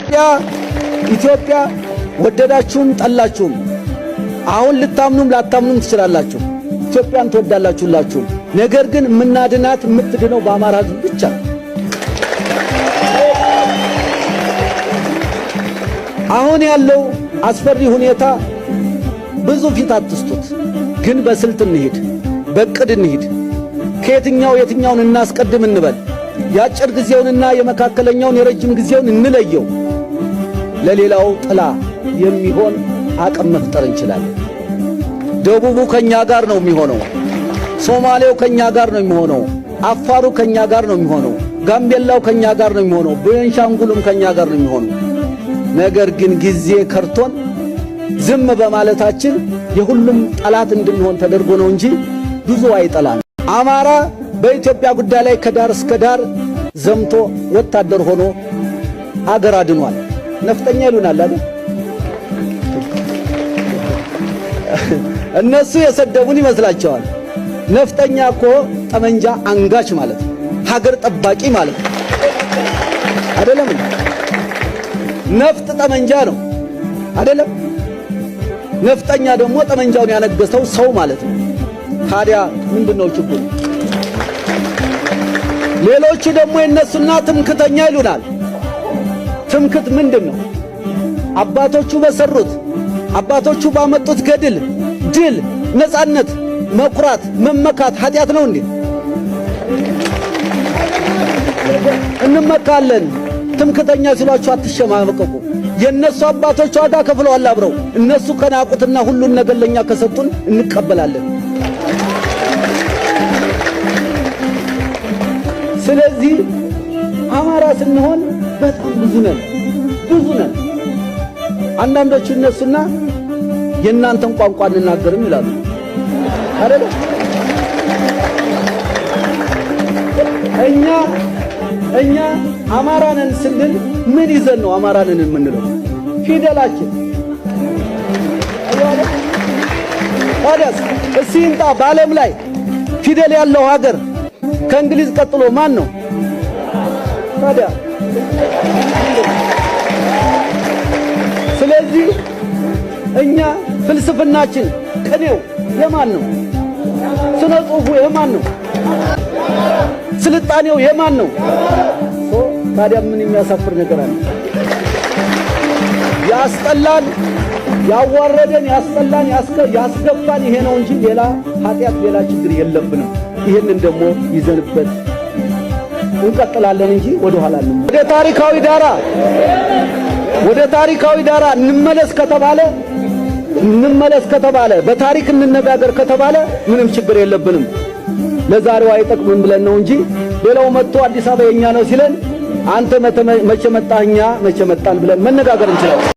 ኢትዮጵያ ኢትዮጵያ ወደዳችሁም ጠላችሁም አሁን ልታምኑም ላታምኑም ትችላላችሁ። ኢትዮጵያን ትወዳላችሁላችሁም። ነገር ግን ምናድናት የምትድነው በአማራ ሕዝብ ብቻ። አሁን ያለው አስፈሪ ሁኔታ ብዙ ፊት አትስጡት፣ ግን በስልት እንሂድ፣ በቅድ እንሂድ። ከየትኛው የትኛውን እናስቀድም እንበል። የአጭር ጊዜውንና የመካከለኛውን የረጅም ጊዜውን እንለየው። ለሌላው ጥላ የሚሆን አቅም መፍጠር እንችላለን። ደቡቡ ከኛ ጋር ነው የሚሆነው። ሶማሌው ከኛ ጋር ነው የሚሆነው። አፋሩ ከኛ ጋር ነው የሚሆነው። ጋምቤላው ከኛ ጋር ነው የሚሆነው። ቤንሻንጉሉም ከኛ ጋር ነው የሚሆነው። ነገር ግን ጊዜ ከርቶን ዝም በማለታችን የሁሉም ጠላት እንድንሆን ተደርጎ ነው እንጂ ብዙ አይጠላን። አማራ በኢትዮጵያ ጉዳይ ላይ ከዳር እስከ ዳር ዘምቶ ወታደር ሆኖ አገር አድኗል። ነፍጠኛ ይሉናል አይደል? እነሱ የሰደቡን ይመስላቸዋል። ነፍጠኛ እኮ ጠመንጃ አንጋች ማለት ነው፣ ሀገር ጠባቂ ማለት ነው። አይደለም ነፍጥ ጠመንጃ ነው አይደለም። ነፍጠኛ ደግሞ ጠመንጃውን ያነገሰው ሰው ማለት ነው። ታዲያ ምንድነው ችግሩ? ሌሎቹ ደግሞ የነሱና ትምክተኛ ይሉናል። ትምክት ምንድን ነው? አባቶቹ በሰሩት አባቶቹ ባመጡት ገድል፣ ድል፣ ነጻነት፣ መኩራት፣ መመካት ኃጢአት ነው እንዴ? እንመካለን። ትምክተኛ ሲሏችሁ አትሸማቀቁ። የእነሱ አባቶች ዋጋ ከፍለዋል አብረው። እነሱ ከናቁትና ሁሉን ነገር ከሰጡን እንቀበላለን። ስለዚህ አማራ ስንሆን በጣም ብዙ ነን፣ ብዙ ነን። አንዳንዶቹ እነሱና የእናንተን ቋንቋ እንናገርም ይላሉ አይደለ? እኛ እኛ አማራንን ስንል ምን ይዘን ነው አማራንን የምንለው? ፊደላችን ታዲያስ እስኪ ይምጣ በዓለም ላይ ፊደል ያለው ሀገር ከእንግሊዝ ቀጥሎ ማን ነው? ታዲያ ስለዚህ እኛ ፍልስፍናችን ቅኔው የማን ነው? ስነ ጽሁፉ የማን ነው? ስልጣኔው የማን ነው? ታዲያ ምን የሚያሳፍር ነገር አለ? ያስጠላን፣ ያዋረደን፣ ያስጠላን፣ ያስገባን ይሄ ነው እንጂ ሌላ ኃጢአት፣ ሌላ ችግር የለብንም። ይህንን ደግሞ ይዘንበት እንቀጥላለን እንጂ ወደኋላ ወደ ታሪካዊ ዳራ ወደ ታሪካዊ ዳራ እንመለስ ከተባለ እንመለስ ከተባለ በታሪክ እንነጋገር ከተባለ ምንም ችግር የለብንም። ለዛሬው አይጠቅምም ብለን ነው እንጂ ሌላው መጥቶ አዲስ አበባ የኛ ነው ሲለን አንተ መቼ መጣህ እኛ መቼ መጣን ብለን መነጋገር እንችላለን።